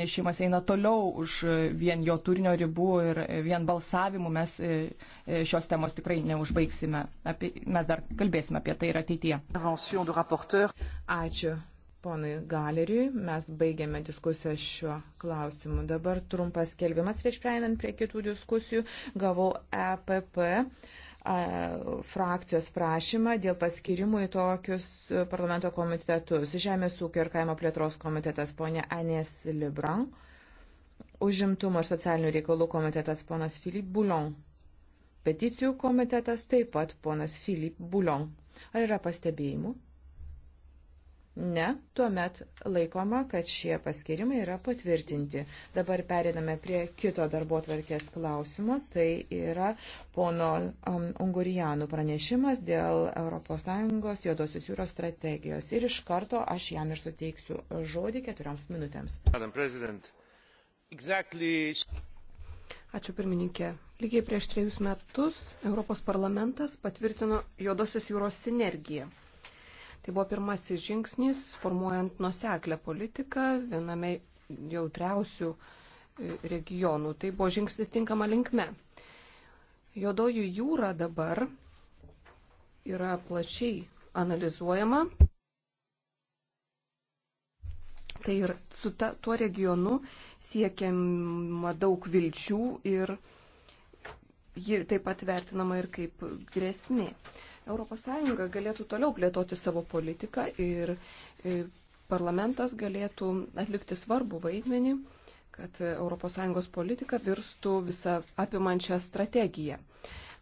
pranešimas eina toliau už e, vien jo turinio ribų ir e, vien balsavimu mes e, šios temos tikrai neužbaigsime. Apie, mes dar kalbėsime apie tai ir ateityje. Ačiū. Ponui Galeriui, mes baigėme diskusiją šiuo klausimu. Dabar trumpas kelbimas prieš prieinant prie kitų diskusijų. Gavau EPP frakcijos prašymą dėl paskirimų į tokius parlamento komitetus. Žemės ūkio ir kaimo plėtros komitetas ponė Anės Libran, užimtumo ir socialinių reikalų komitetas ponas Filip Bulon, peticijų komitetas taip pat ponas Filip Bulon. Ar yra pastebėjimų? Ne, tuomet laikoma, kad šie paskirimai yra patvirtinti. Dabar periname prie kito darbo tvarkės klausimo. Tai yra pono um, Ungurijanų pranešimas dėl ES juodosios jūros strategijos. Ir iš karto aš jam ir suteiksiu žodį keturioms minutėms. Exactly... Ačiū pirmininkė. Lygiai prieš trejus metus Europos parlamentas patvirtino juodosios jūros sinergiją Tai buvo pirmasis žingsnis, formuojant nuseklę politiką viename jautriausių e, regionų. Tai buvo žingsnis tinkama linkme. Jodojų jūra dabar yra plačiai analizuojama. Tai ir su ta, tuo regionu siekiama daug vilčių ir ji taip pat vertinama ir kaip grėsmė. Uh, ES galėtų toliau plėtoti savo politiką ir e, parlamentas galėtų atlikti svarbų vaidmenį, kad ES politika virstų visą apimančią strategiją.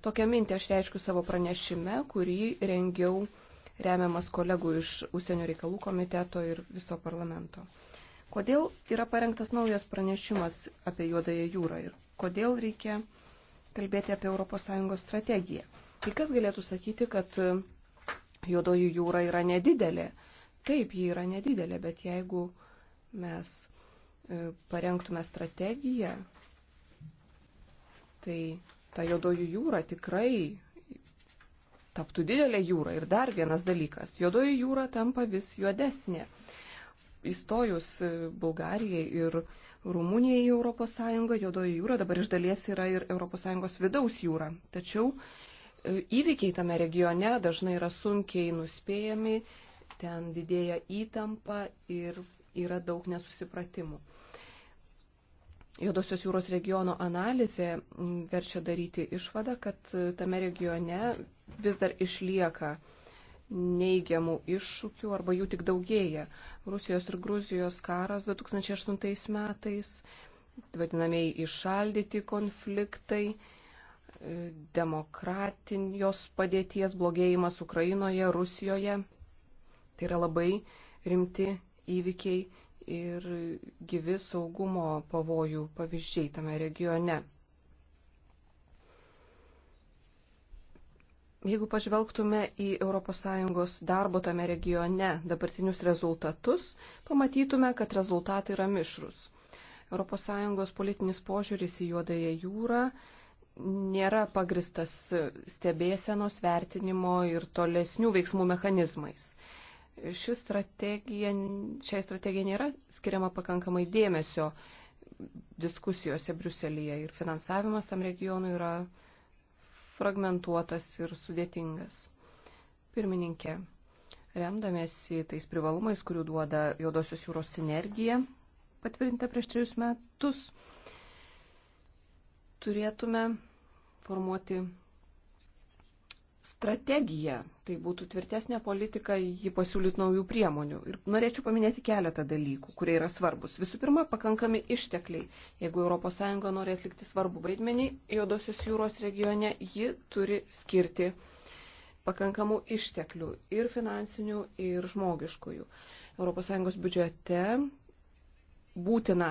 Tokią mintį aš reiškiu savo pranešime, kurį rengiau remiamas kolegų iš Užsienio reikalų komiteto ir viso parlamento. Kodėl yra parengtas naujas pranešimas apie Juodąją jūrą ir kodėl reikia kalbėti apie ES strategiją? Kai kas galėtų sakyti, kad e, juodoji jūra yra nedidelė. Taip, ji yra nedidelė, bet jeigu mes e, parengtume strategiją, tai ta juodoji jūra tikrai taptų didelė jūra. Ir dar vienas dalykas. Juodoji jūra tampa vis juodesnė. Įstojus e, Bulgarijai ir Rumunijai į ES, juodoji jūra dabar iš dalies yra ir ES vidaus jūra. Tačiau įvykiai tame regione dažnai yra sunkiai nuspėjami, ten didėja įtampa ir yra daug nesusipratimų. Jodosios jūros regiono analizė verčia daryti išvadą, kad tame regione vis dar išlieka neigiamų iššūkių arba jų tik daugėja. Rusijos ir Gruzijos karas 2008 metais, vadinamiai išaldyti konfliktai, demokratinios padėties blogėjimas Ukrainoje, Rusijoje. Tai yra labai rimti įvykiai ir gyvi saugumo pavojų pavyzdžiai tame regione. Jeigu pažvelgtume į ES darbo tame regione dabartinius rezultatus, pamatytume, kad rezultatai yra mišrus. ES politinis požiūris į juodąją jūrą nėra pagristas stebėsenos vertinimo ir tolesnių veiksmų mechanizmais. Ši strategija, šiai strategijai nėra skiriama pakankamai dėmesio diskusijose Briuselėje ir finansavimas tam regionui yra fragmentuotas ir sudėtingas. Pirmininkė, remdamėsi tais privalumais, kurių duoda Jodosios jūros sinergija, patvirtinta prieš trejus metus, turėtume formuoti strategiją, tai būtų tvirtesnė politika, ji pasiūlyt naujų priemonių. Ir norėčiau paminėti keletą dalykų, kurie yra svarbus. Visų pirma, pakankami ištekliai. Jeigu ES nori atlikti svarbų vaidmenį Jodosios jūros regione, ji turi skirti pakankamų išteklių ir finansinių, ir žmogiškųjų. ES biudžete būtina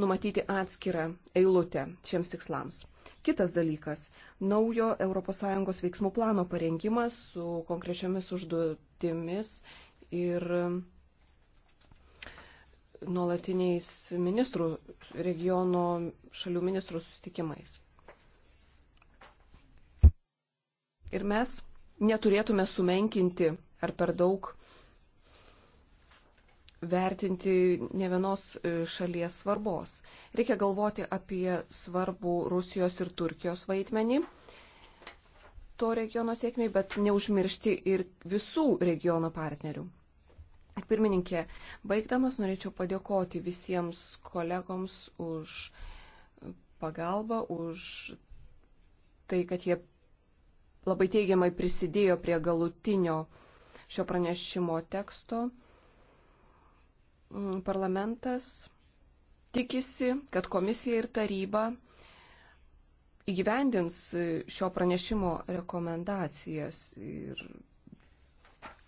numatyti atskirą eilutę šiems tikslams. Kitas dalykas - naujo ES veiksmų plano parengimas su konkrečiomis užduotimis ir nuolatiniais ministrų, regiono šalių ministrų sustikimais. Ir mes neturėtume sumenkinti ar per daug vertinti ne vienos e, šalies svarbos. Reikia galvoti apie svarbų Rusijos ir Turkijos vaidmenį to regiono sėkmiai, bet neužmiršti ir visų regiono partnerių. Pirmininkė, baigdamas norėčiau padėkoti visiems kolegoms už pagalbą, už tai, kad jie labai teigiamai prisidėjo prie galutinio šio pranešimo teksto. Mm, parlamentas tikisi, kad komisija ir taryba įgyvendins šio pranešimo rekomendacijas ir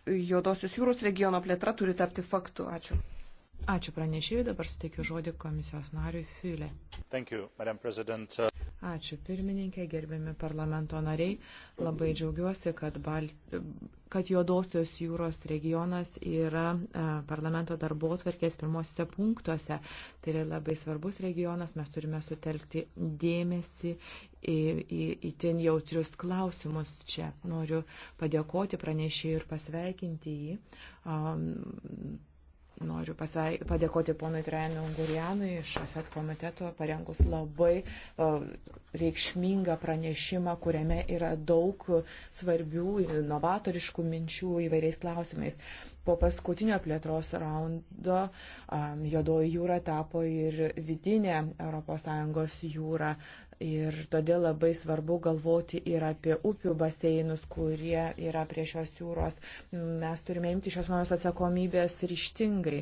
Juodosios jūros regiono plėtra turi tapti faktu. Ačiū. Ačiū pranešėjui, dabar suteikiu žodį komisijos nariui Filė. Ačiū pirmininkė, gerbiami parlamento nariai. Labai džiaugiuosi, kad, Bal... kad Juodosios jūros regionas yra e, parlamento darbo atverkės pirmosiuose punktuose. Tai yra labai svarbus regionas, mes turime sutelkti dėmesį į, į, į ten jautrius klausimus čia. Noriu padėkoti pranešėjui ir pasveikinti jį. Um, Noriu pasai, padėkoti ponui Trajanu Ungurianui iš AFET komiteto parengus labai uh, reikšmingą pranešimą, kuriame yra daug svarbių inovatoriškų minčių įvairiais klausimais. Po paskutinio plėtros raundo um, Jodoji jūra tapo ir vidinė ES jūra. Ir todėl labai svarbu galvoti ir apie upių baseinus, kurie yra prie šios jūros. Mes turime imti šios mano atsakomybės ryštingai.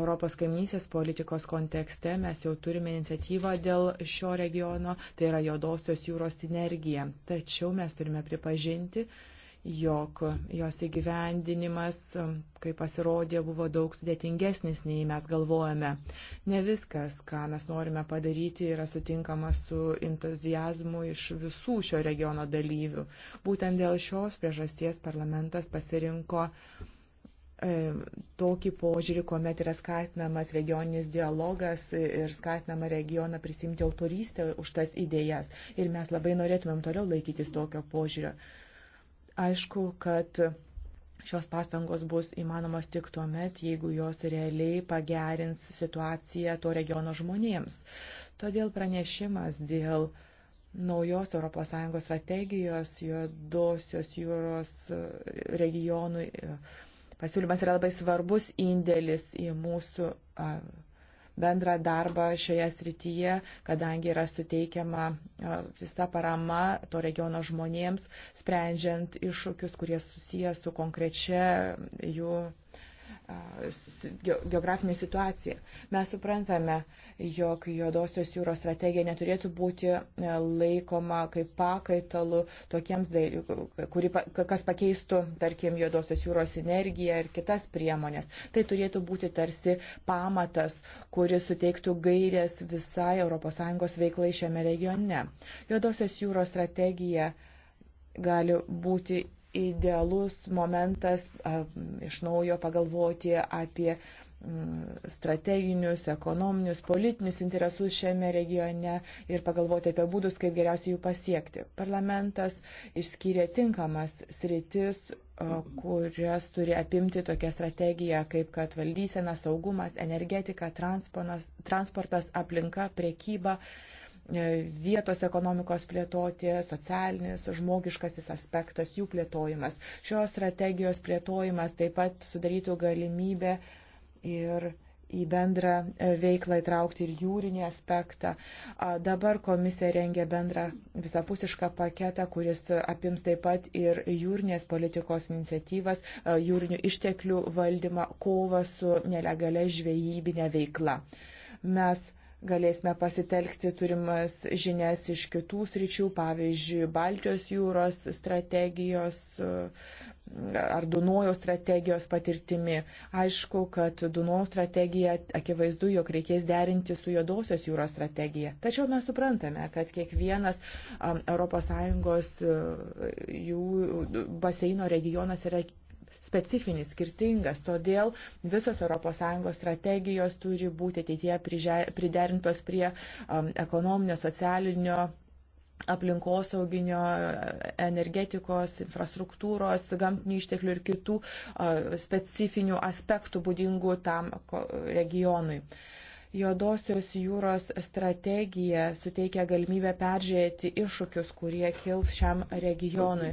Europos kaimynysės politikos kontekste mes jau turime iniciatyvą dėl šio regiono, tai yra Jodosios jūros sinergija. Tačiau mes turime pripažinti, jog jos įgyvendinimas, kaip pasirodė, buvo daug sudėtingesnis, nei mes galvojame. Ne viskas, ką mes norime padaryti, yra sutinkama su entuzijazmu iš visų šio regiono dalyvių. Būtent dėl šios priežasties parlamentas pasirinko e, tokį požiūrį, kuomet yra skatinamas regioninis dialogas ir skatinama regioną prisimti autorystę už tas idėjas. Ir mes labai norėtumėm toliau laikytis tokio požiūrio. Aišku, kad šios pastangos bus įmanomos tik tuo met, jeigu jos realiai pagerins situaciją to regiono žmonėms. Todėl pranešimas dėl naujos ES strategijos juodosios jūros regionui e, pasiūlymas yra labai svarbus indėlis į mūsų bendrą darbą šioje srityje, kadangi yra suteikiama visa parama to regiono žmonėms, sprendžiant iššūkius, kurie susiję su konkrečia jų geografinė situacija. Mes suprantame, jog juodosios jūros strategija neturėtų būti e, laikoma kaip pakaitalu tokiems dalykams, kas pakeistų, tarkim, juodosios jūros energiją ir kitas priemonės. Tai turėtų būti tarsi pamatas, kuris suteiktų gairės visai ES veiklai šiame regione. Juodosios jūros strategija gali būti idealus momentas iš naujo pagalvoti apie mm, strateginius, ekonominius, politinius interesus šiame regione ir pagalvoti apie būdus, kaip geriausiai jų pasiekti. Parlamentas išskyrė tinkamas sritis, kurias turi apimti tokia strategija, kaip kad valdysena, saugumas, energetika, transportas, aplinka, priekyba E, vietos ekonomikos plėtotė, socialinis, žmogiškasis aspektas, jų plėtojimas. Šios strategijos plėtojimas taip pat sudarytų galimybę ir į bendrą e, veiklą įtraukti ir jūrinį aspektą. Dabar komisija rengia bendrą visapusišką paketą, kuris apims taip pat ir jūrinės politikos iniciatyvas, e, jūrinių išteklių valdymą, kovą su nelegale žvejybinė veikla. Mes galėsime pasitelkti turimas žinias iš kitų sričių, pavyzdžiui, Baltijos jūros strategijos e, ar Dunojo strategijos patirtimi. Aišku, kad Dunojo strategija akivaizdu, jog reikės derinti su Jodosios jūros strategija. Tačiau mes suprantame, kad kiekvienas ES e, jų baseino regionas yra specifinis, skirtingas, todėl visos ES strategijos turi būti ateityje priderintos prie um, ekonominio, socialinio aplinkosauginio, energetikos, infrastruktūros, gamtinių išteklių ir kitų uh, specifinių aspektų būdingų tam regionui. Juodosios jūros strategija suteikia galimybę peržiūrėti iššūkius, kurie kils šiam regionui.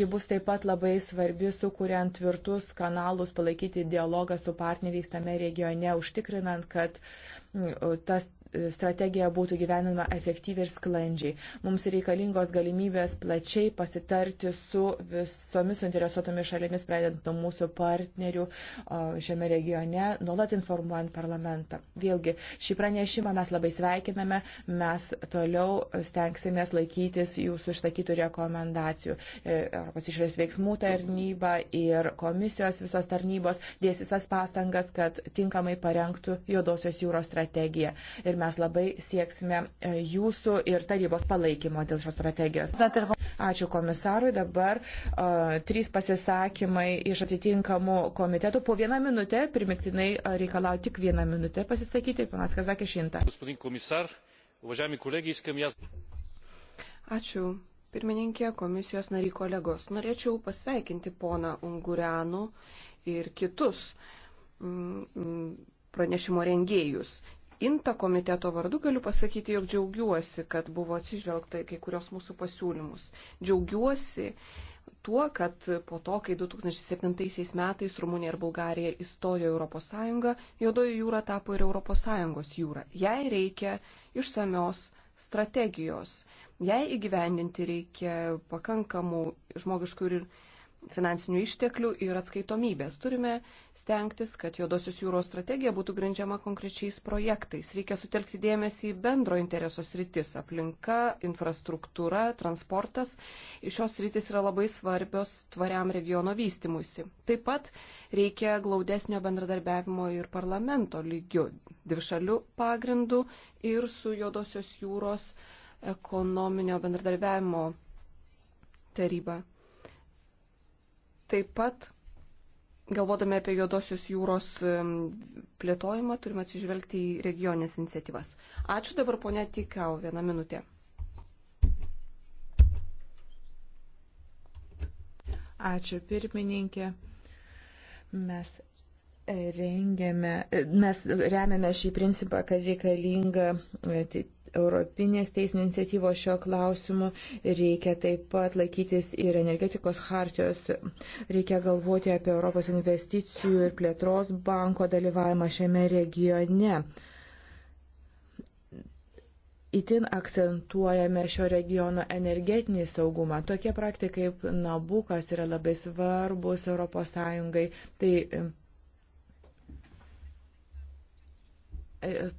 Ji bus taip pat labai svarbi, sukuriant tvirtus kanalus, palaikyti dialogą su partneriais tame regione, užtikrinant, kad mm, tas strategija būtų gyvenama efektyviai ir sklandžiai. Mums reikalingos galimybės plačiai pasitarti su visomis suinteresuotomis šalimis, pradedant nuo mūsų partnerių šiame regione, nuolat informuojant parlamentą. Vėlgi, šį pranešimą mes labai sveikiname, mes toliau stengsimės laikytis jūsų išsakytų rekomendacių. E, Europos išorės veiksmų tarnyba ir komisijos visos tarnybos dės visas pastangas, kad tinkamai parengtų Jodosios jūros strategiją. Ir mes labai sieksime e, jūsų ir tarybos palaikymo dėl šios strategijos. Ačiū komisarui. Dabar uh, trys pasisakymai iš atitinkamų komitetų. Po vieną minutę, primiktinai e, reikalau tik vieną minutę pasisakyti. Panas Kazakė Šinta. Ačiū. Pirmininkė, komisijos nariai kolegos, norėčiau pasveikinti poną Ungurianų ir kitus mm, mm, pranešimo rengėjus. INTA komiteto vardu galiu pasakyti, jog džiaugiuosi, kad buvo atsižvelgta į kai kurios mūsų pasiūlymus. Džiaugiuosi tuo, kad po to, kai 2007 metais Rumunija ir Bulgarija įstojo Europos Sąjungą, Jodoji jūra tapo ir Europos Sąjungos jūra. Jai reikia išsamios strategijos. Jai įgyvendinti reikia pakankamų žmogiškų ir finansinių išteklių ir atskaitomybės. Turime stengtis, kad juodosios jūros strategija būtų grindžiama konkrečiais projektais. Reikia sutelkti dėmesį į bendro intereso sritis - aplinka, infrastruktūra, transportas. Šios sritis yra labai svarbios tvariam regiono vystimuisi. Taip pat reikia glaudesnio bendradarbiavimo ir parlamento lygių, dvišalių pagrindų ir su juodosios jūros ekonominio bendradarbiavimo taryba Taip pat, galvodami apie Juodosios jūros plėtojimą, turime atsižvelgti į regionės iniciatyvas. Ačiū dabar ponia Tikau, vieną minutę. Ačiū pirmininkė. Mes rengėme, mes remiame šį principą, kad reikalinga e, Europinės teisinio iniciatyvos šio klausimu, reikia taip pat laikytis ir energetikos hartijos, reikia galvoti apie Europos investicijų ir plėtros banko dalyvavimą šiame regione. Įtin akcentuojame šio regiono energetinį saugumą. Tokie praktikai kaip Nabukas yra labai svarbus ES. Tai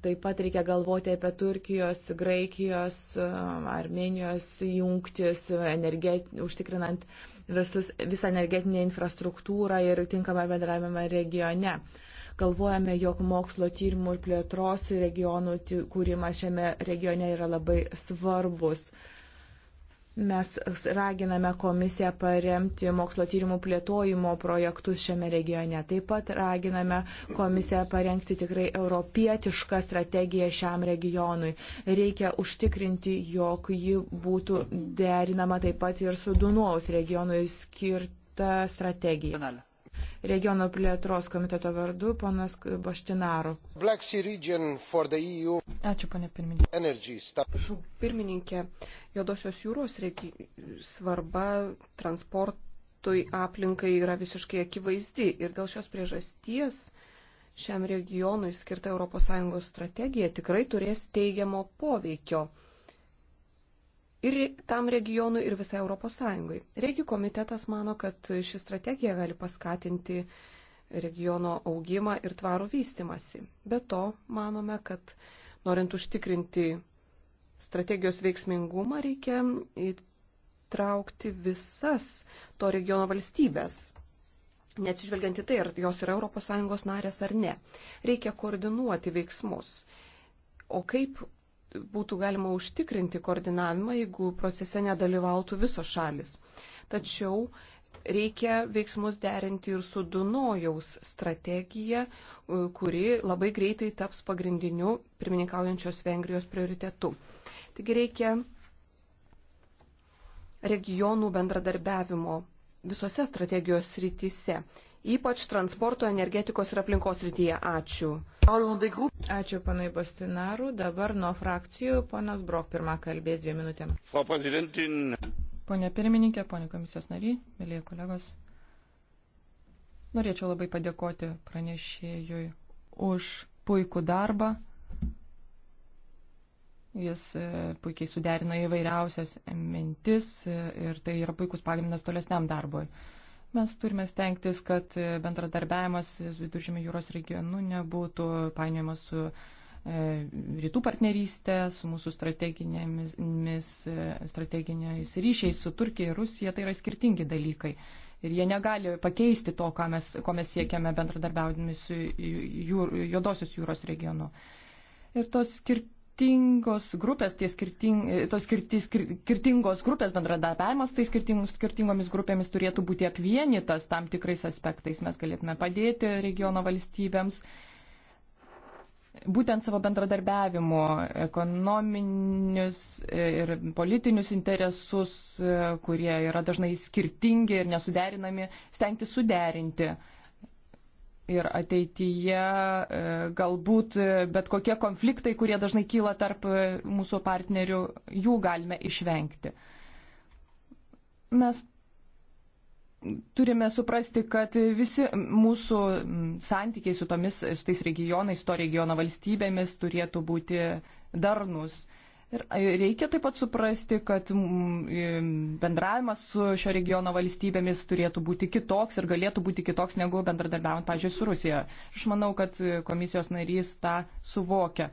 Taip pat reikia galvoti apie Turkijos, Graikijos, um, Armenijos jungtis, energet, užtikrinant visus, visą energetinę infrastruktūrą ir tinkamą bendravimą regione. Galvojame, jog mokslo tyrimų ir plėtros regionų kūrimas šiame regione yra labai svarbus. Uh, Mes raginame komisiją paremti mokslo tyrimų plėtojimo projektus šiame regione. Taip pat raginame komisiją parengti tikrai europietišką strategiją šiam regionui. Reikia užtikrinti, jog ji būtų derinama taip pat ir su Dunuaus regionui skirta strategija regiono plėtros komiteto vardu, ponas Boštinaru. E Ačiū, ponė pirmininkė. Pirmininkė, Jodosios jūros regi... svarba transportui aplinkai yra visiškai akivaizdi ir dėl šios priežasties šiam regionui skirta ES strategija tikrai turės teigiamo poveikio ir tam regionui, ir visai Europos Sąjungai. Regi komitetas mano, kad ši strategija gali paskatinti regiono augimą ir tvarų vystimasi. Be to, manome, kad norint užtikrinti strategijos veiksmingumą, reikia įtraukti visas to regiono valstybės, neatsižvelgiant į tai, ar jos yra ES narės ar ne. Reikia koordinuoti veiksmus. O kaip būtų galima užtikrinti koordinavimą, jeigu procese nedalyvautų visos šalis. Tačiau reikia veiksmus derinti ir su Dunojaus strategija, kuri labai greitai taps pagrindiniu pirmininkaujančios Vengrijos prioritetu. Taigi reikia regionų bendradarbiavimo visose strategijos rytise ypač transporto, energetikos ir aplinkos rytyje. Ačiū. Ačiū panai Bostinaru. Dabar nuo frakcijų ponas Brok pirmą kalbės dviem minutėm. Pone pirmininkė, pone komisijos nariai, mėlyje kolegos, norėčiau labai padėkoti pranešėjui už puikų darbą. Jis e, puikiai suderino įvairiausias mintis e, ir tai yra puikus pagrindas tolesniam darbui. Mes turime stengtis, kad bendradarbiavimas viduržėmio jūros regionu nebūtų painiojamas su e, rytų partnerystė, su mūsų e, strateginiais ryšiais su Turkija ir Rusija. Tai yra skirtingi dalykai. Ir jie negali pakeisti to, ko mes, ko mes siekiame bendradarbiaudami su jūr, Jodosios jūros regionu. Ir tos skirtingos skirtingos grupės, tie skirting, tos skirti, skir, skirtingos grupės bendradarbiavimas, tai skirtingomis grupėmis turėtų būti apvienytas tam tikrais aspektais. Mes galėtume padėti regiono valstybėms būtent savo bendradarbiavimu, ekonominius ir politinius interesus, kurie yra dažnai skirtingi ir nesuderinami, stengti suderinti ir ateityje e, galbūt e, bet kokie konfliktai, kurie dažnai kyla tarp e, mūsų partnerių, jų galime išvengti. Mes turime suprasti, kad visi mūsų santykiai su, tomis, su tais regionais, to regiono valstybėmis turėtų būti darnus. Ir reikia taip pat suprasti, kad mm, bendravimas su šio regiono valstybėmis turėtų būti kitoks ir galėtų būti kitoks negu bendradarbiavant, pažiūrėjau, su Rusija. Aš manau, kad komisijos narys tą suvokia.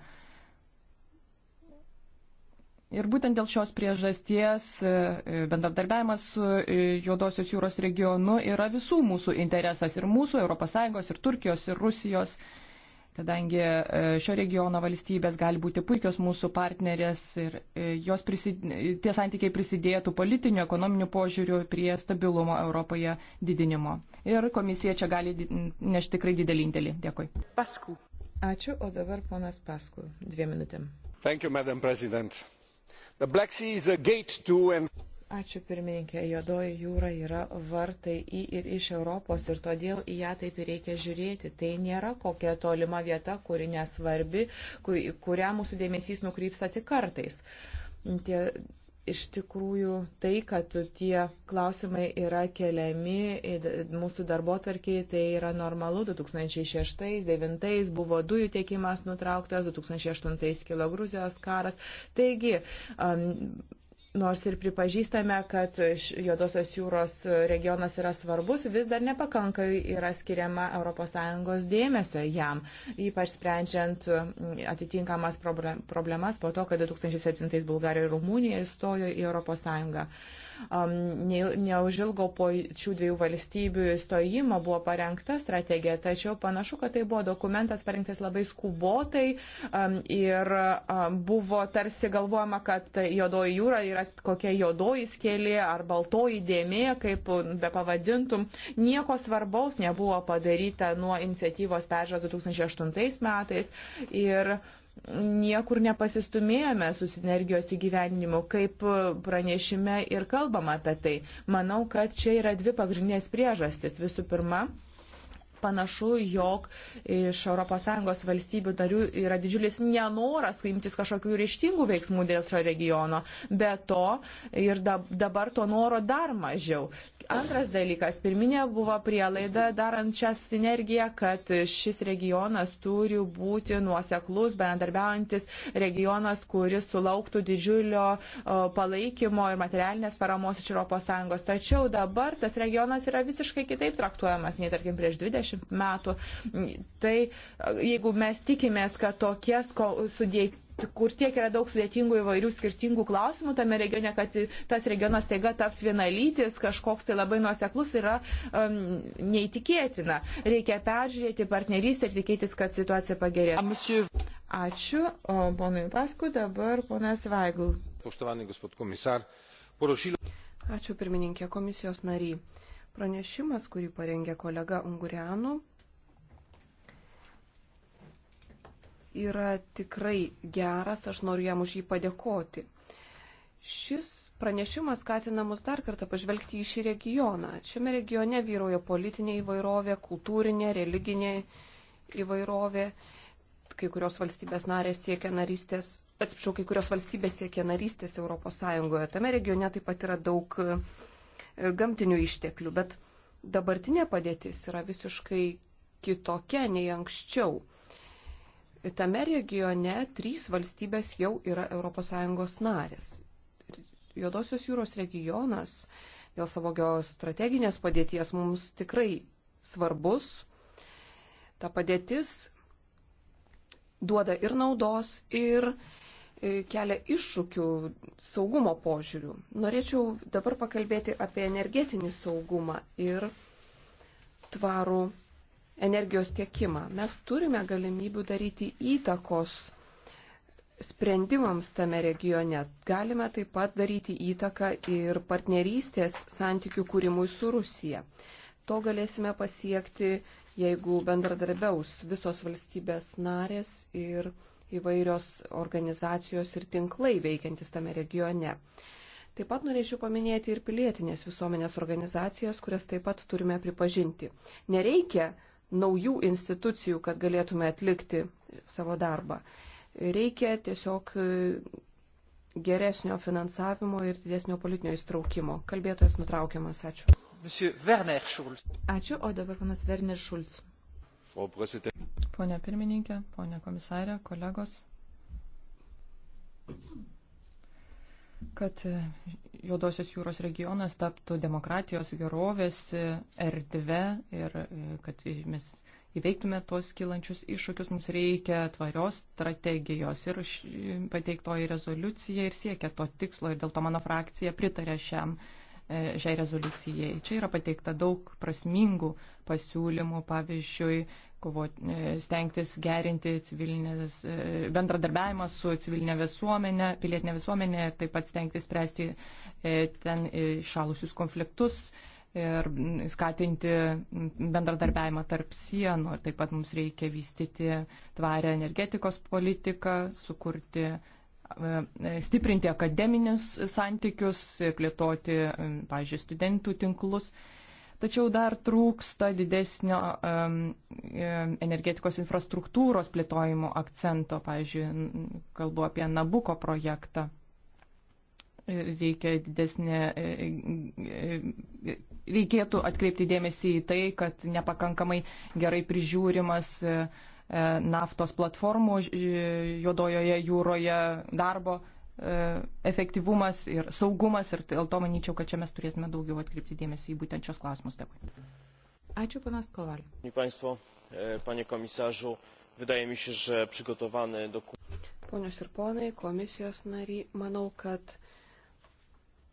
Ir būtent dėl šios priežasties e, bendradarbiavimas su e, Juodosios jūros regionu yra visų mūsų interesas ir mūsų, ES, ir Turkijos, ir Rusijos kadangi e, šio regiono valstybės gali būti puikios mūsų partnerės ir e, jos prisid... tie santykiai prisidėtų politiniu, ekonominiu požiūriu prie stabilumo Europoje didinimo. Ir komisija čia gali nešti tikrai didelį indėlį. Dėkui. Paskui. Ačiū, o dabar ponas Paskui. Dviem minutėm. Thank you, Madam President. The Black Sea is a gate to and Ačiū pirmininkė, Jodoji jūra yra vartai į ir iš Europos ir todėl į ją taip ir reikia žiūrėti. Tai nėra kokia tolima vieta, kuri nesvarbi, kurią mūsų dėmesys nukrypsta tik kartais. Tie, iš tikrųjų tai, kad tie klausimai yra keliami mūsų darbo tvarkiai, tai yra normalu. 2006-2009 buvo dujų tiekimas nutrauktas, 2008 kilo Gruzijos karas. Taigi, um, Nors ir pripažįstame, kad Juodosios jūros regionas yra svarbus, vis dar nepakankai yra skiriama ES dėmesio jam, ypač sprendžiant atitinkamas problemas po to, kad 2007 Bulgarija ir Rumunija įstojo į ES. Neužilgo po šių dviejų valstybių įstojimo buvo parengta strategija, tačiau panašu, kad tai buvo dokumentas parengtas labai skubotai ir buvo tarsi galvojama, kad Juodoji jūra yra yra kokia jodoji skėlė ar baltoji dėmė, kaip be pavadintum. Nieko svarbaus nebuvo padaryta nuo iniciatyvos peržas 2008 metais ir niekur nepasistumėjome su sinergijos įgyvenimu, kaip pranešime ir kalbama apie tai. Manau, kad čia yra dvi pagrindinės priežastis. Visų pirma, panašu, jog iš ES valstybių narių yra didžiulis nenoras imtis kažkokių ryštingų veiksmų dėl šio regiono. Be to ir dabar to noro dar mažiau. Antras dalykas, pirminė buvo prielaida darant šią sinergiją, kad šis regionas turi būti nuoseklus, bendarbiaujantis regionas, kuris sulauktų didžiulio palaikymo ir materialinės paramos iš ES. Tačiau dabar tas regionas yra visiškai kitaip traktuojamas nei, tarkim, prieš 20 metų. Tai jeigu mes tikimės, kad tokie sudėti kur tiek yra daug sudėtingų įvairių skirtingų klausimų tame regione, kad tas regionas taiga taps vienalytis, kažkoks tai labai nuoseklus yra um, neįtikėtina. Reikia peržiūrėti partnerystę ir tikėtis, kad situacija pagerės. Ačiū, o ponui Pasku dabar ponas Vaigl. Ačiū pirmininkė komisijos nariai. Pranešimas, kurį parengė kolega Ungurianu, yra tikrai geras, aš noriu jam už jį padėkoti. Šis pranešimas skatina mus dar kartą pažvelgti į šį regioną. Šiame regione vyroja politinė įvairovė, kultūrinė, religinė įvairovė. Kai kurios valstybės narės siekia narystės, atsiprašau, kai kurios valstybės siekia narystės Europos Sąjungoje. Tame regione taip pat yra daug e, gamtinių išteklių, bet dabartinė padėtis yra visiškai kitokia nei anksčiau tame regione trys valstybės jau yra ES narės. Juodosios jūros regionas dėl savo geostrateginės padėties mums tikrai svarbus. Ta padėtis duoda ir naudos, ir e, kelia iššūkių saugumo požiūrių. Norėčiau dabar pakalbėti apie energetinį saugumą ir tvarų energijos tiekimą. Mes turime galimybių daryti įtakos sprendimams tame regione. Galime taip pat daryti įtaką ir partnerystės santykių kūrimui su Rusija. To galėsime pasiekti, jeigu bendradarbiaus visos valstybės narės ir įvairios organizacijos ir tinklai veikiantis tame regione. Taip pat norėčiau paminėti ir pilietinės visuomenės organizacijas, kurias taip pat turime pripažinti. Nereikia naujų institucijų, kad galėtume atlikti savo darbą. Reikia tiesiog e, geresnio finansavimo ir didesnio politinio įstraukimo. Kalbėtojas nutraukiamas. Ačiū. Ačiū, o dabar panas Werner Šulc. Pone pirmininkė, pone komisarė, kolegos kad e, Juodosios jūros regionas taptų demokratijos gerovės e, erdve ir e, kad mes įveiktume tuos kilančius iššūkius, mums reikia tvarios strategijos ir pateiktoji rezoliucija ir siekia to tikslo ir dėl to mano frakcija pritarė šiam, šiai rezoliucijai. Čia yra pateikta daug prasmingų pasiūlymų, pavyzdžiui, kovoti, e, stengtis gerinti civilinės, e, bendradarbiavimą su civilinė visuomenė, pilietinė visuomenė ir taip pat stengtis spręsti e, ten šalusius konfliktus ir skatinti bendradarbiavimą tarp sienų. Ir taip pat mums reikia vystyti tvarę energetikos politiką, sukurti stiprinti akademinius santykius, plėtoti, pažiūrėjau, studentų tinklus tačiau dar trūksta didesnio um, energetikos infrastruktūros plėtojimo akcento, pavyzdžiui, kalbu apie Nabuko projektą. Reikia didesnė, e, e, e, reikėtų atkreipti dėmesį į tai, kad nepakankamai gerai prižiūrimas naftos platformų juodojoje jūroje darbo E, efektyvumas ir saugumas ir dėl to manyčiau, kad čia mes turėtume daugiau atkreipti dėmesį į būtent šios klausimus. Dėkui. Ačiū, panas Kovalė. E, panie komisarzu, wydaje mi się, że przygotowany dokument. Ponios ir ponai, komisijos nariai, manau, kad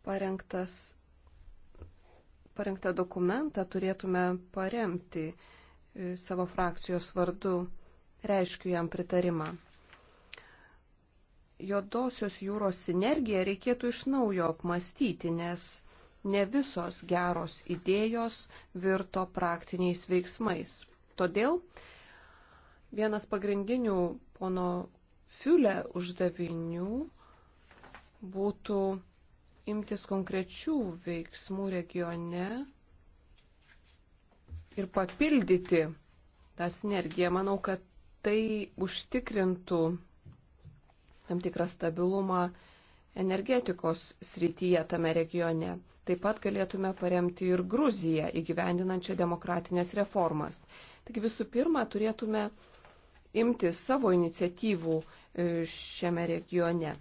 parengtas, parengtą dokumentą turėtume paremti e, savo frakcijos vardu, reiškiu jam pritarimą juodosios jūros sinergiją reikėtų iš naujo apmastyti, nes ne visos geros idėjos virto praktiniais veiksmais. Todėl vienas pagrindinių pono Fiulė uždavinių būtų imtis konkrečių veiksmų regione ir papildyti tą sinergiją. Manau, kad tai užtikrintų tam tikrą stabilumą energetikos srityje tame regione. Taip pat galėtume paremti ir Gruziją įgyvendinančią demokratinės reformas. Taigi visų pirma, turėtume imti savo iniciatyvų e, šiame regione.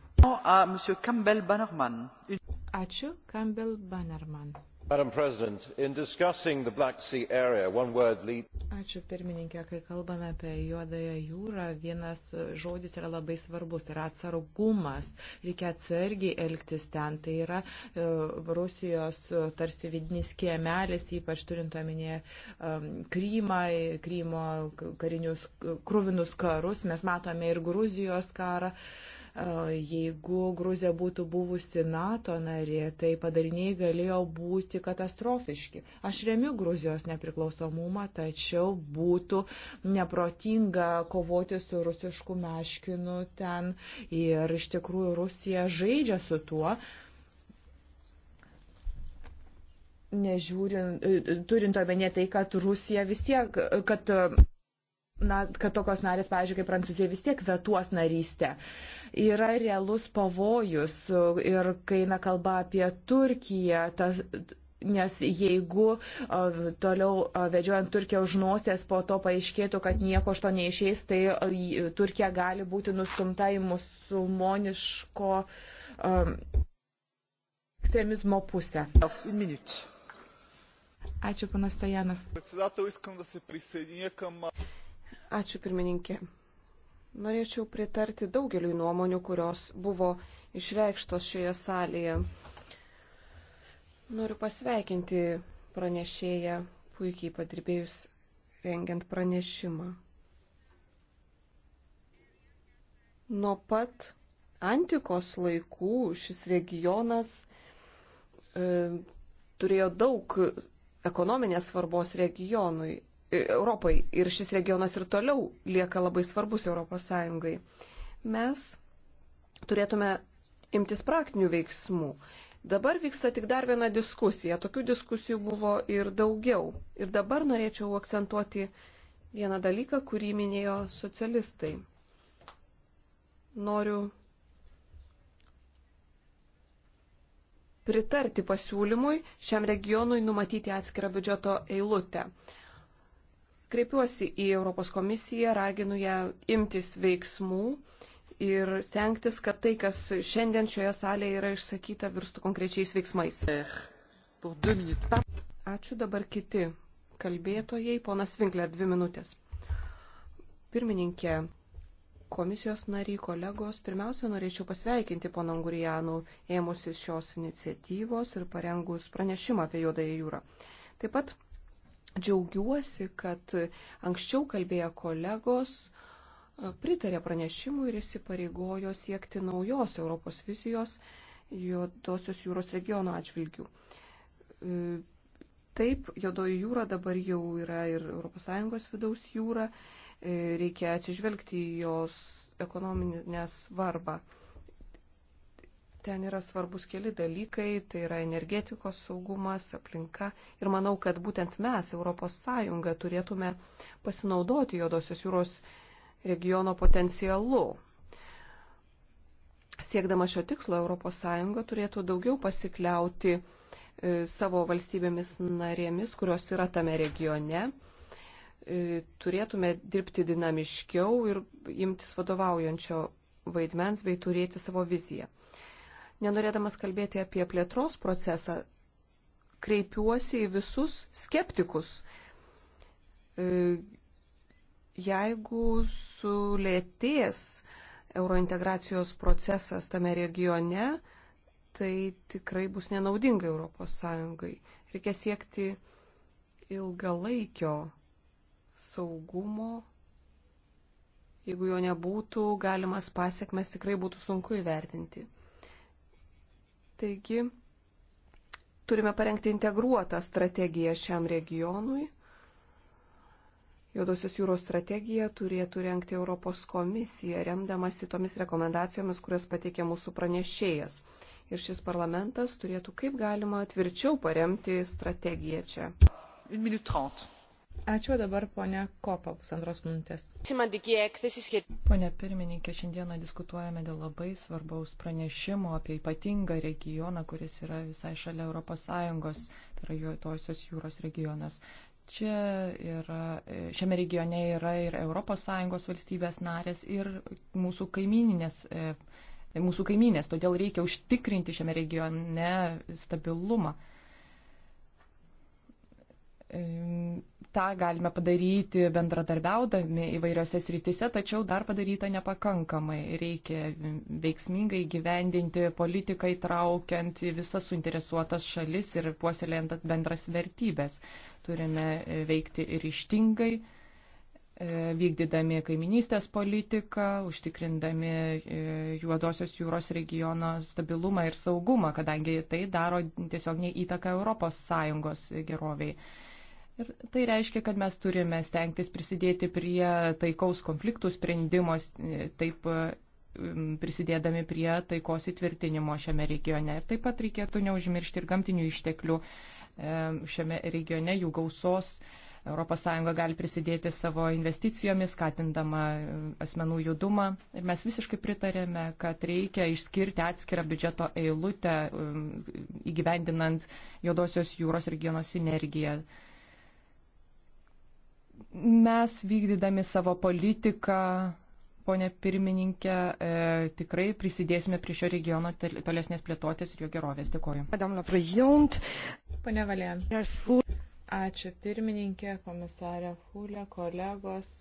Ačiū, Campbell Bannerman. Ačiū pirmininkė, kai kalbame apie juodąją jūrą, vienas žodis yra labai svarbus, tai yra atsargumas, reikia atsargiai elgtis ten, tai yra e, Rusijos e, tarsi vidinis kiemelis, ypač turint omenyje e, Krymą, Krymo karinius krovinus karus, mes matome ir Gruzijos karą. E, jeigu Gruzija būtų buvusi NATO narė, tai padariniai galėjo būti katastrofiški. Aš remiu Gruzijos nepriklausomumą, tačiau būtų neprotinga kovoti su rusišku meškinu ten ir iš tikrųjų Rusija žaidžia su tuo nežiūrint, e, turint omenyje tai, kad Rusija vis tiek, kad, na, kad tokios narės, pavyzdžiui, kaip Prancūzija vis tiek vetuos narystę. Uh, yra realus pavojus. Ir kai eina kalba apie Turkiją, tas, nes jeigu toliau vedžiojant Turkiją už nosies po to paaiškėtų, kad nieko iš to neišeis, tai Turkija gali būti nustumta į musulmoniško um, ekstremizmo pusę. Ačiū, panas Stojanov. Ačiū, pirmininkė. Norėčiau pritarti daugeliui nuomonių, kurios buvo išreikštos šioje salėje. Noriu pasveikinti pranešėją puikiai padirbėjus rengiant pranešimą. Nuo pat antikos laikų šis regionas e, turėjo daug ekonominės svarbos regionui Europai ir šis regionas ir toliau lieka labai svarbus ES. Mes turėtume imtis praktinių veiksmų. Dabar vyksta tik dar viena diskusija. Tokių diskusijų buvo ir daugiau. Ir dabar norėčiau akcentuoti vieną dalyką, kurį minėjo socialistai. Noriu pritarti pasiūlymui šiam regionui numatyti atskirą biudžeto eilutę. Kreipiuosi į Europos komisiją, raginu ją imtis veiksmų ir stengtis, kad tai, kas šiandien šioje salėje yra išsakyta, virstų konkrečiais veiksmais. Ačiū dabar kiti kalbėtojai. Ponas Vinkler, dvi minutės. Pirmininkė, komisijos nariai, kolegos, pirmiausia, norėčiau pasveikinti poną Angurijanų ėmusis šios iniciatyvos ir parengus pranešimą apie Juodąją jūrą. Taip pat Džiaugiuosi, kad anksčiau kalbėję kolegos e, pritarė pranešimui ir įsipareigojo siekti naujos Europos vizijos Juodosios jūros regiono atžvilgių. E, Taip, Juodoji jūra dabar jau yra ir ES vidaus jūra, e, reikia atsižvelgti į jos ekonominę svarbą. Ten yra svarbus keli dalykai, tai yra energetikos saugumas, aplinka. Ir manau, kad būtent mes, ES, turėtume pasinaudoti Jodosios jūros regiono potencialu. Siekdama šio tikslo, ES turėtų daugiau pasikliauti e, savo valstybėmis narėmis, kurios yra tame regione. E, turėtume dirbti dinamiškiau ir imtis vadovaujančio vaidmens bei turėti savo viziją nenorėdamas kalbėti apie plėtros procesą, kreipiuosi į visus skeptikus. E, jeigu sulėtės eurointegracijos procesas tame regione, tai tikrai bus nenaudinga Europos Sąjungai. Reikia siekti ilgalaikio saugumo. Jeigu jo nebūtų, galimas pasiekmes tikrai būtų sunku įvertinti. Taigi turime parengti integruotą strategiją šiam regionui. Jodosios jūros strategiją turėtų rengti Europos komisija, remdamasi tomis rekomendacijomis, kurias pateikė mūsų pranešėjas. Ir šis parlamentas turėtų kaip galima tvirčiau paremti strategiją čia. 1 minut 30. Ačiū dabar ponia Kopa, pusantros minutės. Pone pirmininkė, šiandieną diskutuojame dėl labai svarbaus pranešimo apie ypatingą regioną, kuris yra visai šalia ES, tai yra Juotosios jūros regionas. Čia yra, šiame regione yra ir ES valstybės narės, ir mūsų kaimininės e, mūsų kaiminės, todėl reikia užtikrinti šiame regione stabilumą tą galime padaryti bendradarbiaudami įvairiose srityse, tačiau dar padaryta nepakankamai. Reikia veiksmingai gyvendinti politiką įtraukiant visas suinteresuotas šalis ir puoselėjant bendras vertybės. Turime veikti ryštingai e, vykdydami kaiminystės politiką, užtikrindami e, Juodosios jūros regiono stabilumą ir saugumą, kadangi tai daro tiesiog neįtaką ES geroviai. Ir tai reiškia, kad mes turime stengtis prisidėti prie taikaus konfliktų sprendimos, taip prisidėdami prie taikos įtvirtinimo šiame regione. Ir taip pat reikėtų neužmiršti ir gamtinių išteklių e, šiame regione, jų gausos. ES gali prisidėti savo investicijomis, skatindama e, asmenų judumą. Ir mes visiškai pritarėme, kad reikia išskirti atskirą biudžeto eilutę įgyvendinant Jodosios jūros regiono sinergiją. Mes vykdydami savo politiką, ponė pirmininkė, e, tikrai prisidėsime prie šio regiono tolesnės plėtotės ir jo gerovės. Dėkoju. Pane Valė. Ačiū pirmininkė, komisarė Hulė, kolegos.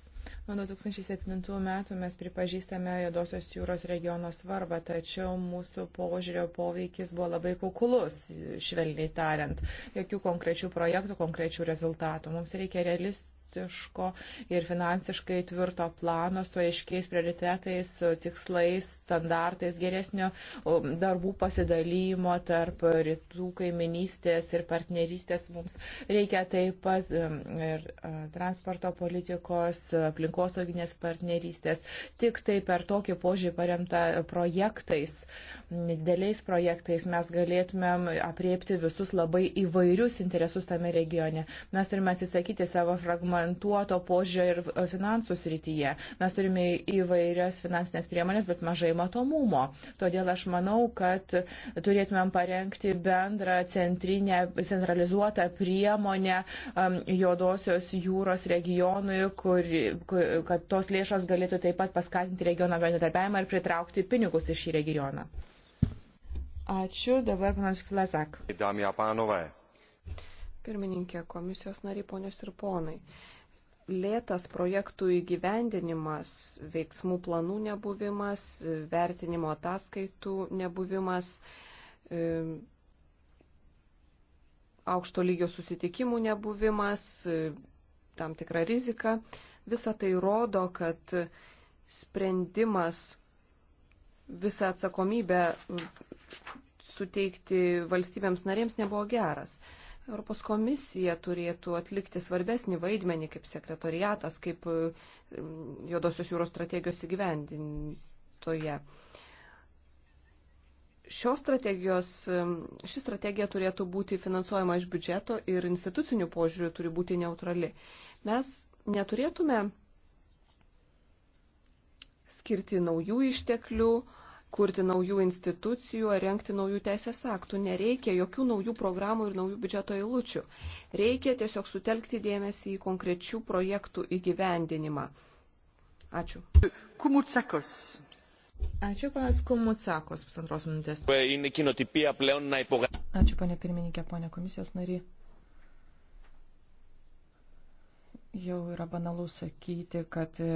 Nuo 2007 metų mes pripažįstame Jodosios jūros regiono svarbą, tačiau mūsų požiūrio poveikis buvo labai kukulus, švelniai tariant. Jokių konkrečių projektų, konkrečių rezultatų. Mums reikia realistų realistiško ir finansiškai tvirto plano su aiškiais prioritetais, tikslais, standartais, geresnio darbų pasidalymo tarp rytų kaiminystės ir partnerystės. Mums reikia taip pat um, ir transporto politikos, aplinkosauginės partnerystės. Tik tai per tokį požiūrį paremta projektais dideliais projektais mes galėtumėm apriepti visus labai įvairius interesus tame regione. Mes turime atsisakyti savo fragmentuoto požiūrio ir finansų srityje. Mes turime įvairias finansinės priemonės, bet mažai matomumo. Todėl aš manau, kad turėtumėm parengti bendrą centrinę, centralizuotą priemonę um, juodosios jūros regionui, kur, kur, kad tos lėšos galėtų taip pat paskatinti regiono bendradarbiavimą ir pritraukti pinigus iš šį regioną. Ačiū, dabar panas Filazak. Dami Apanovai. Pirmininkė, komisijos nariai, ponios ir ponai. Lėtas projektų įgyvendinimas, veiksmų planų nebuvimas, vertinimo ataskaitų nebuvimas, aukšto lygio susitikimų nebuvimas, tam tikra rizika. Visa tai rodo, kad sprendimas visą atsakomybę suteikti valstybėms narėms nebuvo geras. Europos komisija turėtų atlikti svarbesnį vaidmenį kaip sekretoriatas, kaip um, Jodosios jūros strategijos įgyvendintoje. Šios strategijos, um, ši strategija turėtų būti finansuojama iš biudžeto ir institucinių požiūrių turi būti neutrali. Mes neturėtume skirti naujų išteklių, kurti naujų institucijų ar renkti naujų teisės aktų. Nereikia jokių naujų programų ir naujų biudžeto eilučių. Reikia tiesiog sutelkti dėmesį į konkrečių projektų įgyvendinimą. Ačiū. Kumutsakos. Ačiū, panas Kumutsakos, pusantros minutės. Ačiū, ponė pirmininkė, ponė komisijos nariai. Jau yra banalu sakyti, kad e,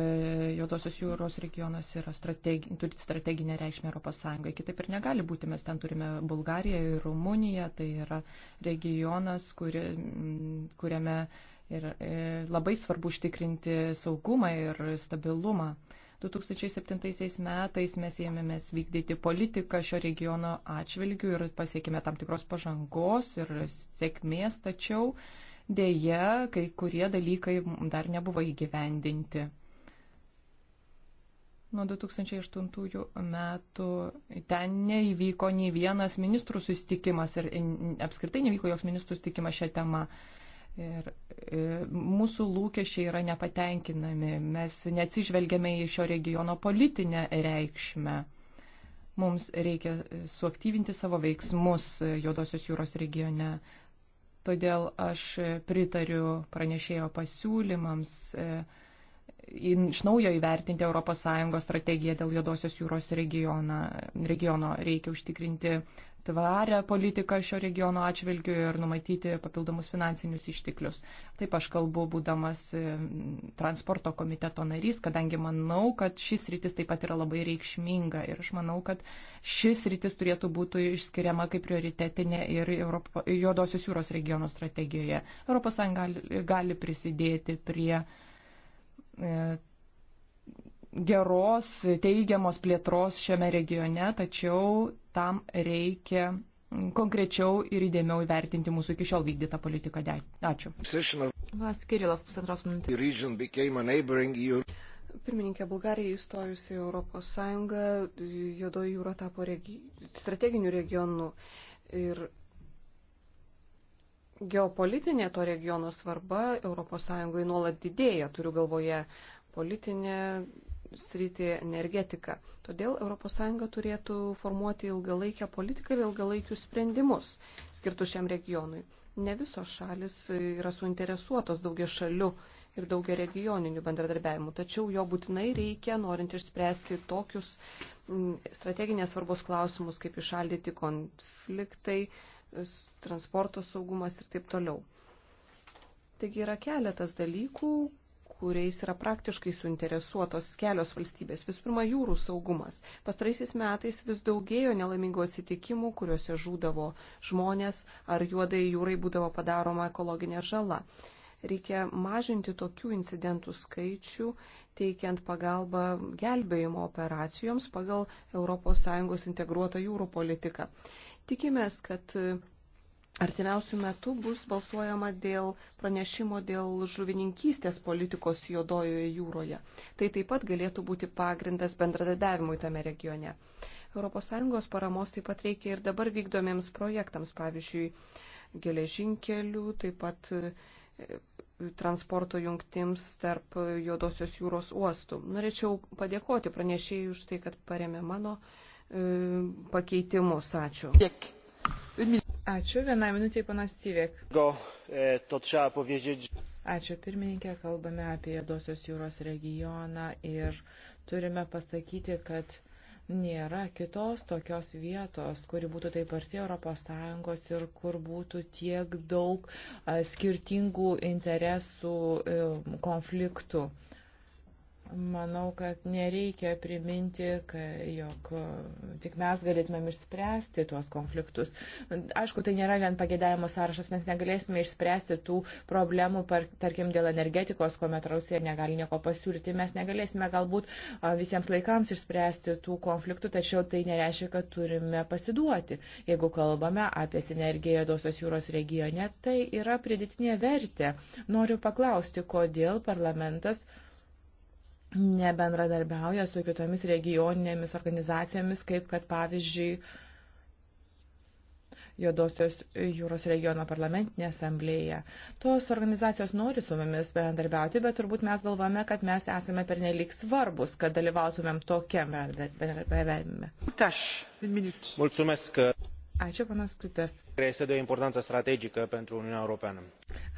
Juodosios jūros regionas strategi, turi strateginę reikšmę Europos Sąjungai. Kitaip ir negali būti. Mes ten turime Bulgariją ir Rumuniją. Tai yra regionas, kuri, mm, kuriame ir, e, labai svarbu užtikrinti saugumą ir stabilumą. 2007 metais mes ėmėmės vykdyti politiką šio regiono atžvilgių ir pasiekime tam tikros pažangos ir sėkmės, tačiau dėje kai kurie dalykai dar nebuvo įgyvendinti. Nuo 2008 metų ten neįvyko nei vienas ministrų sustikimas ir apskritai nevyko joks ministrų sustikimas šią temą. Ir e, mūsų lūkesčiai yra nepatenkinami, mes neatsižvelgiame į šio regiono politinę reikšmę. Mums reikia suaktyvinti savo veiksmus Juodosios jūros regione. Todėl aš pritariu pranešėjo pasiūlymams. E, iš naujo įvertinti ES strategiją dėl Jodosios jūros regioną, regiono. Reikia užtikrinti tvarę politiką šio regiono atžvilgiu ir numatyti papildomus finansinius išteklius. Taip aš kalbu, būdamas e, transporto komiteto narys, kadangi manau, kad šis rytis taip pat yra labai reikšminga ir aš manau, kad šis rytis turėtų būti išskiriama kaip prioritetinė ir Europo, Juodosios jūros regiono strategijoje. ES gali, gali prisidėti prie E, geros, teigiamos plėtros šiame regione, tačiau tam reikia konkrečiau ir įdėmiau įvertinti mūsų iki šiol vykdytą politiką. Ačiū. Vaskirilas pusantros minutės. Pirmininkė, Bulgarija įstojus į Europos Sąjungą, Jodoji jūra tapo regi strateginiu regionu ir geopolitinė to regiono svarba ES nuolat didėja, turiu galvoje politinę sritį energetiką. Todėl ES turėtų formuoti ilgalaikę politiką ir ilgalaikius sprendimus skirtus šiam regionui. Ne visos šalis yra suinteresuotos daugia šalių ir daugia regioninių bendradarbiavimų, tačiau jo būtinai reikia, norint išspręsti tokius mm, strateginės svarbos klausimus, kaip išaldyti konfliktai, transporto saugumas ir taip toliau. Taigi yra keletas dalykų, kuriais yra praktiškai suinteresuotos kelios valstybės. Visų pirma, jūrų saugumas. Pastaraisiais metais vis daugėjo nelaimingų atsitikimų, kuriuose žūdavo žmonės ar juodai jūrai būdavo padaroma ekologinė žala. Reikia mažinti tokių incidentų skaičių, teikiant pagalbą gelbėjimo operacijoms pagal ES integruotą jūrų politiką. Tikimės, kad e, artimiausių metų bus balsuojama dėl pranešimo dėl žuvininkystės politikos juodojoje jūroje. Tai taip pat galėtų būti pagrindas bendradarbiavimui tame regione. ES paramos taip pat reikia ir dabar vykdomiems projektams, pavyzdžiui, geležinkelių, taip pat e, transporto jungtims tarp Juodosios jūros uostų. Norėčiau padėkoti pranešėjai už tai, kad paremė mano uh, E, pakeitimus. Ačiū. Ačiū. Vieną minutę, panas Tyvėk. E, Ačiū pirmininkė, kalbame apie Jėdosios jūros regioną ir turime pasakyti, kad nėra kitos tokios vietos, kuri būtų taip arti ES ir kur būtų tiek daug e, skirtingų interesų konfliktų. Manau, kad nereikia priminti, jog e, tik mes galėtumėm išspręsti tuos konfliktus. Aišku, tai nėra vien pagėdavimo sąrašas, mes negalėsime išspręsti tų problemų, par, tarkim, dėl energetikos, kuomet Rusija negali nieko pasiūlyti. Mes negalėsime galbūt e, visiems laikams išspręsti tų konfliktų, tačiau tai nereiškia, kad turime pasiduoti. Jeigu kalbame apie sinergiją Dosios jūros regione, tai yra pridėtinė vertė. Noriu paklausti, kodėl parlamentas nebendradarbiauja su kitomis regioninėmis organizacijomis, kaip kad pavyzdžiui Jodosios jūros regiono parlamentinė asamblėja. Tos organizacijos nori su mumis bendarbiauti, bet turbūt mes galvame, kad mes esame pernelik svarbus, kad dalyvautumėm tokiam bendarbiavime. Mulțumesc. Ačiū, panas Kutės. Este de o importanță strategică pentru Uniunea Europeană.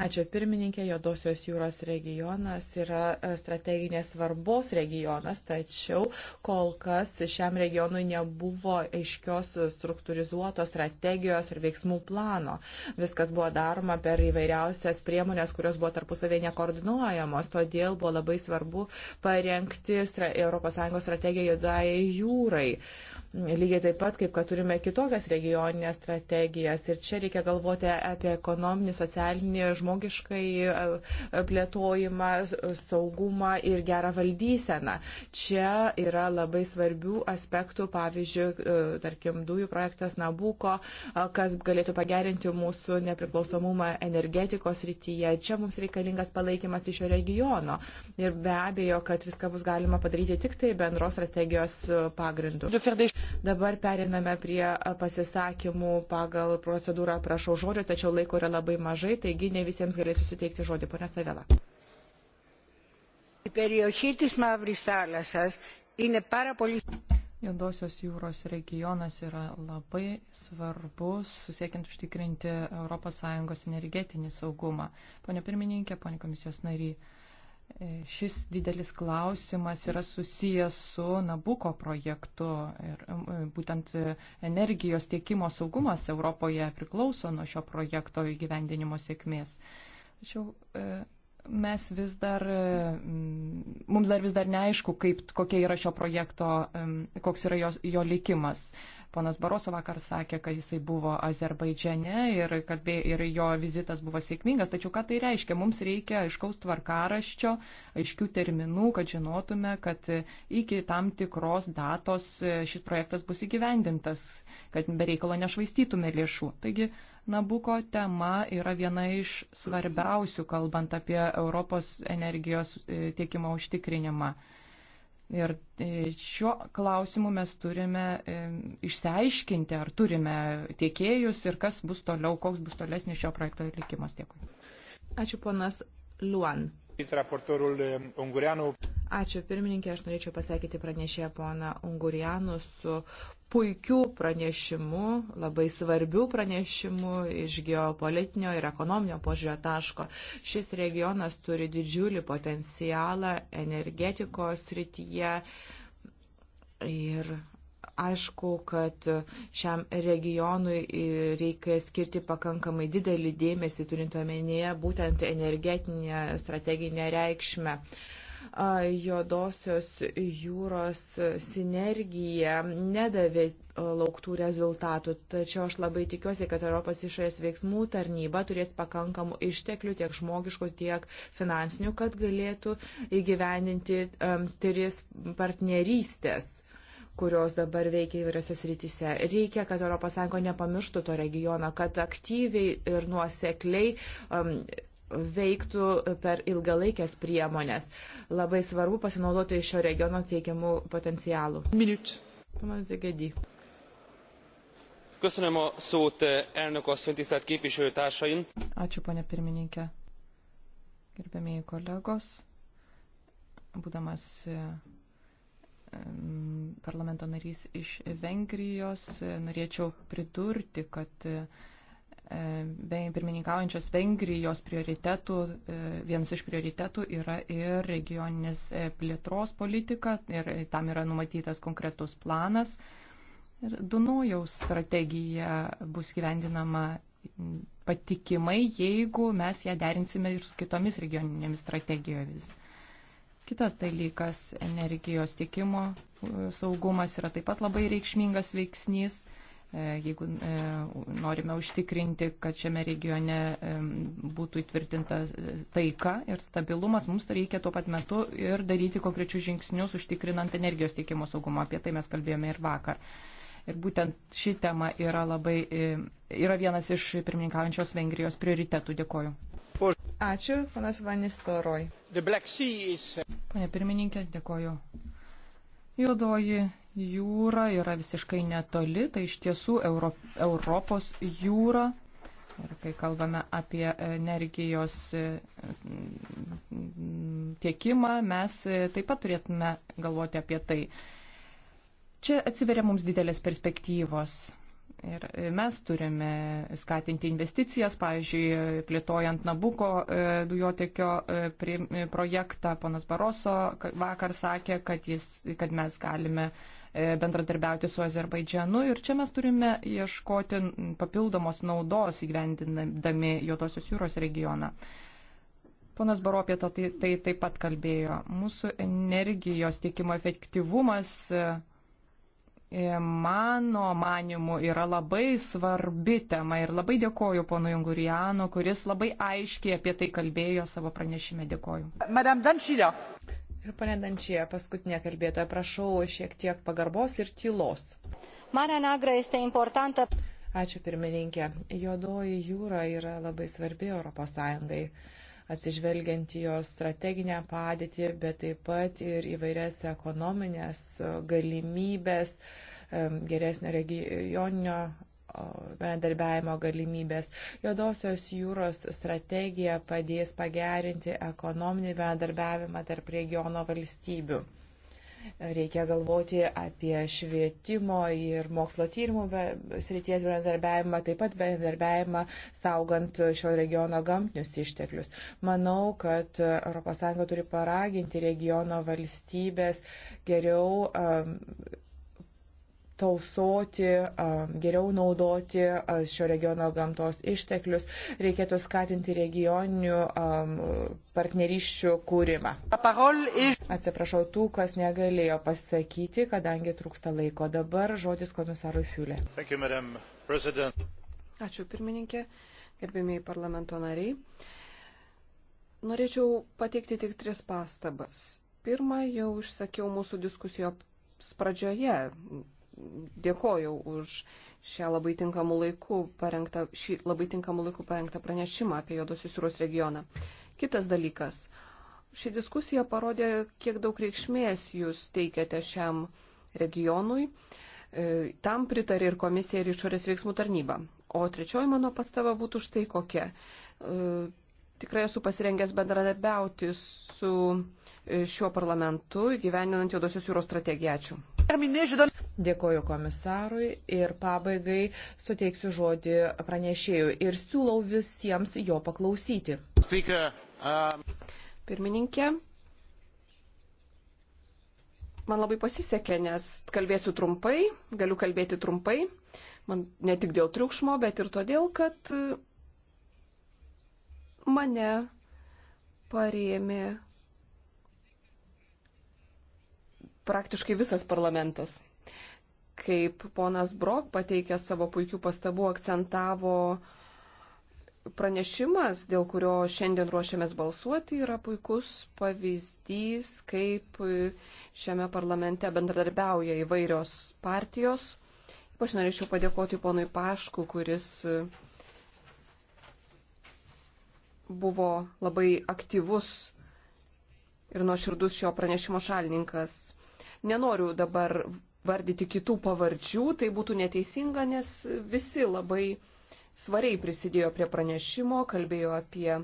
Ačiū, pirmininkė, Jodosios jūros regionas yra e, strateginės svarbos regionas, tačiau kol kas šiam regionui nebuvo aiškios struktūrizuotos strategijos ir veiksmų plano. Viskas buvo daroma per įvairiausias priemonės, kurios buvo tarpusavėje nekoordinuojamos, todėl buvo labai svarbu parengti ES strategiją Jodajai jūrai. Lygiai taip pat, kaip kad turime kitokias regionės regioninės strategijas. Ir čia reikia galvoti apie ekonominį, socialinį, žmogiškai e, plėtojimą, saugumą ir gerą valdyseną. Čia yra labai svarbių aspektų, pavyzdžiui, e, tarkim, dujų projektas Nabuko, e, kas galėtų pagerinti mūsų nepriklausomumą energetikos rytyje. Čia mums reikalingas palaikymas iš šio regiono. Ir be abejo, kad viską bus galima padaryti tik tai bendros strategijos pagrindu. Dabar periname prie pasisakymų pagal procedūrą, prašau žodžio, tačiau laiko yra labai mažai, taigi ne visiems galėsiu suteikti žodį, ponia Savela. Jodosios jūros regionas yra labai svarbus, susiekiant užtikrinti ES energetinį saugumą. Pone pirmininkė, pone komisijos nariai. E, šis didelis klausimas yra susijęs su Nabuko projektu ir e, būtent energijos tiekimo saugumas Europoje priklauso nuo šio projekto įgyvendinimo sėkmės. Tačiau e, mes vis dar, mums dar vis dar neaišku, kaip, kokia yra šio projekto, koks yra jo, jo likimas. Ponas Baroso vakar sakė, kad jisai buvo Azerbaidžiane ir, kalbė, ir jo vizitas buvo sėkmingas, tačiau ką tai reiškia? Mums reikia aiškaus tvarkaraščio, aiškių terminų, kad žinotume, kad iki tam tikros datos šis projektas bus įgyvendintas, kad be reikalo nešvaistytume lėšų. Taigi, Nabuko tema yra viena iš svarbiausių, kalbant apie Europos energijos e, tiekimo užtikrinimą. Ir e, šiuo klausimu mes turime e, išsiaiškinti, ar turime tiekėjus ir kas bus toliau, koks bus tolesnis šio projekto likimas. Dėkui. Ačiū ponas Luan. Ačiū pirmininkė, aš norėčiau pasakyti pranešėją poną Ungurianų su puikiu pranešimu, labai svarbiu pranešimu iš geopolitinio ir ekonominio požiūrio taško. Šis regionas turi didžiulį potencialą energetikos srityje ir aišku, kad šiam regionui reikia skirti pakankamai didelį dėmesį, turint omenyje būtent energetinę strateginę reikšmę. Uh, juodosios jūros sinergija nedavė lauktų rezultatų. Tačiau aš labai tikiuosi, kad Europos išorės veiksmų tarnyba turės pakankamų išteklių tiek žmogiškų, tiek finansinių, kad galėtų įgyveninti um, tris partnerystės kurios dabar veikia įvairiose srityse. Reikia, kad ES nepamirštų to regiono, kad aktyviai ir nuosekliai um, veiktų per ilgalaikės priemonės. Labai svarbu pasinaudoti šio regiono teikiamų potencialų. Minut. Pamas Zegedi. Köszönöm a szót, elnök asszony, tisztelt képviselőtársaim. Ačiū, ponia pirmininkė. Gerbėmiai kolegos, būdamas parlamento narys iš Vengrijos, norėčiau pridurti, kad E, bei pirmininkaujančios Vengrijos prioritetų, e, vienas iš prioritetų yra ir regioninės e, plėtros politika ir tam yra numatytas konkretus planas. Ir Dunojaus strategija bus gyvendinama patikimai, jeigu mes ją derinsime ir su kitomis regioninėmis strategijomis. Kitas dalykas - energijos tiekimo saugumas yra taip pat labai reikšmingas veiksnys E, jeigu e, norime užtikrinti, kad šiame regione e, būtų įtvirtinta taika ir stabilumas, mums reikia tuo pat metu ir daryti konkrečius žingsnius užtikrinant energijos tiekimo saugumą. Apie tai mes kalbėjome ir vakar. Ir būtent ši tema yra, labai, yra vienas iš pirmininkaujančios Vengrijos prioritetų. Dėkoju. Ačiū, panas Vanis Toroj. Is... Pane pirmininkė, dėkoju. Juodoji jūra yra visiškai netoli, tai iš tiesų Euro, Europos jūra. Ir kai kalbame apie energijos e, tiekimą, mes e, taip pat turėtume galvoti apie tai. Čia atsiveria mums didelės perspektyvos. Ir e, mes turime skatinti investicijas, pavyzdžiui, plėtojant Nabuko dujotekio projektą, ponas Baroso vakar sakė, kad, jis, kad mes galime uh, E, bendradarbiauti su Azerbaidžianu ir čia mes turime ieškoti papildomos naudos įgyvendindami Jotosios jūros regioną. Ponas Baro apie tai, tai, tai taip pat kalbėjo. Mūsų energijos tiekimo efektyvumas e, e, mano manimu yra labai svarbi tema ir labai dėkoju ponui Jungurijano, kuris labai aiškiai apie tai kalbėjo savo pranešime. Dėkoju. Madame Dančila. Ir panendančia, paskutinė kalbėtoja, prašau šiek tiek pagarbos ir tylos. Marea Neagră este importantă. Ačiū pirmininkė. Jodoji jūra yra labai svarbi ES atsižvelgiant į jos strateginę padėtį, bet taip pat ir įvairias ekonominės galimybės, geresnio regioninio bendarbiavimo galimybės. Jodosios jūros strategija padės pagerinti ekonominį bendarbiavimą tarp regiono valstybių. Reikia galvoti apie švietimo ir mokslo tyrimų srities bendradarbiavimą, taip pat bendradarbiavimą saugant šio regiono gamtinius išteklius. Manau, kad ES turi paraginti regiono valstybės geriau um, tausoti, geriau naudoti šio regiono gamtos išteklius, reikėtų skatinti regioninių partneriščių kūrimą. Atsiprašau tų, kas negalėjo pasakyti, kadangi trūksta laiko. Dabar žodis komisarui Fiulė. Ačiū pirmininkė, gerbėmiai parlamento nariai. Norėčiau pateikti tik tris pastabas. Pirmą jau išsakiau mūsų diskusijos pradžioje, dėkojau už šią labai tinkamų laikų parengtą, šį labai tinkamų laikų parengtą pranešimą apie Jodosios jūros regioną. Kitas dalykas. Ši diskusija parodė, kiek daug reikšmės jūs teikiate šiam regionui. E, tam pritarė ir komisija, ir išorės veiksmų tarnyba. O trečioji mano pastaba būtų štai kokia. E, tikrai esu pasirengęs bendradarbiauti su e, šiuo parlamentu, gyveninant Jodosios jūros strategiją. Ačiū. Dėkoju komisarui ir pabaigai suteiksiu žodį pranešėjui ir siūlau visiems jo paklausyti. Speaker, um... Pirmininkė, man labai pasisekė, nes kalbėsiu trumpai, galiu kalbėti trumpai, man ne tik dėl triukšmo, bet ir todėl, kad mane parėmė praktiškai visas parlamentas kaip ponas Brok pateikė savo puikių pastabų, akcentavo pranešimas, dėl kurio šiandien ruošiamės balsuoti, yra puikus pavyzdys, kaip šiame parlamente bendradarbiauja įvairios partijos. Ypač norėčiau padėkoti ponui Pašku, kuris buvo labai aktyvus ir nuoširdus šio pranešimo šalininkas. Nenoriu dabar vardyti kitų pavardžių, tai būtų neteisinga, nes visi labai svariai prisidėjo prie pranešimo, kalbėjo apie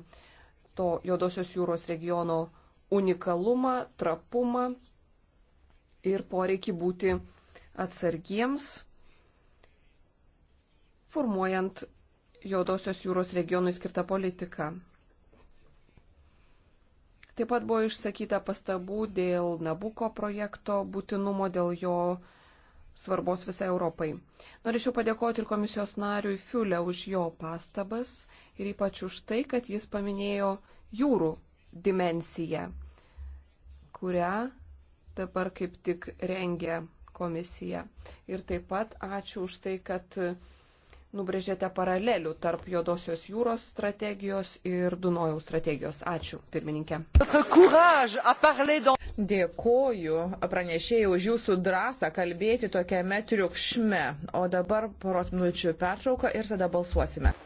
to Jodosios jūros regiono unikalumą, trapumą ir poreikį būti atsargiems, formuojant Jodosios jūros regionui skirtą politiką. Taip pat buvo išsakyta pastabų dėl Nabuko projekto būtinumo, dėl jo svarbos visai Europai. Norėčiau padėkoti ir komisijos nariui Fiulė už jo pastabas ir ypač už tai, kad jis paminėjo jūrų dimensiją, kurią dabar kaip tik rengia komisija. Ir taip pat ačiū už tai, kad nubrėžėte paralelių tarp Juodosios jūros strategijos ir Dunojaus strategijos. Ačiū, pirmininkė. Dėkoju pranešėjai už jūsų drąsą kalbėti tokiame triukšme. O dabar poros minučių pertrauka ir tada balsuosime.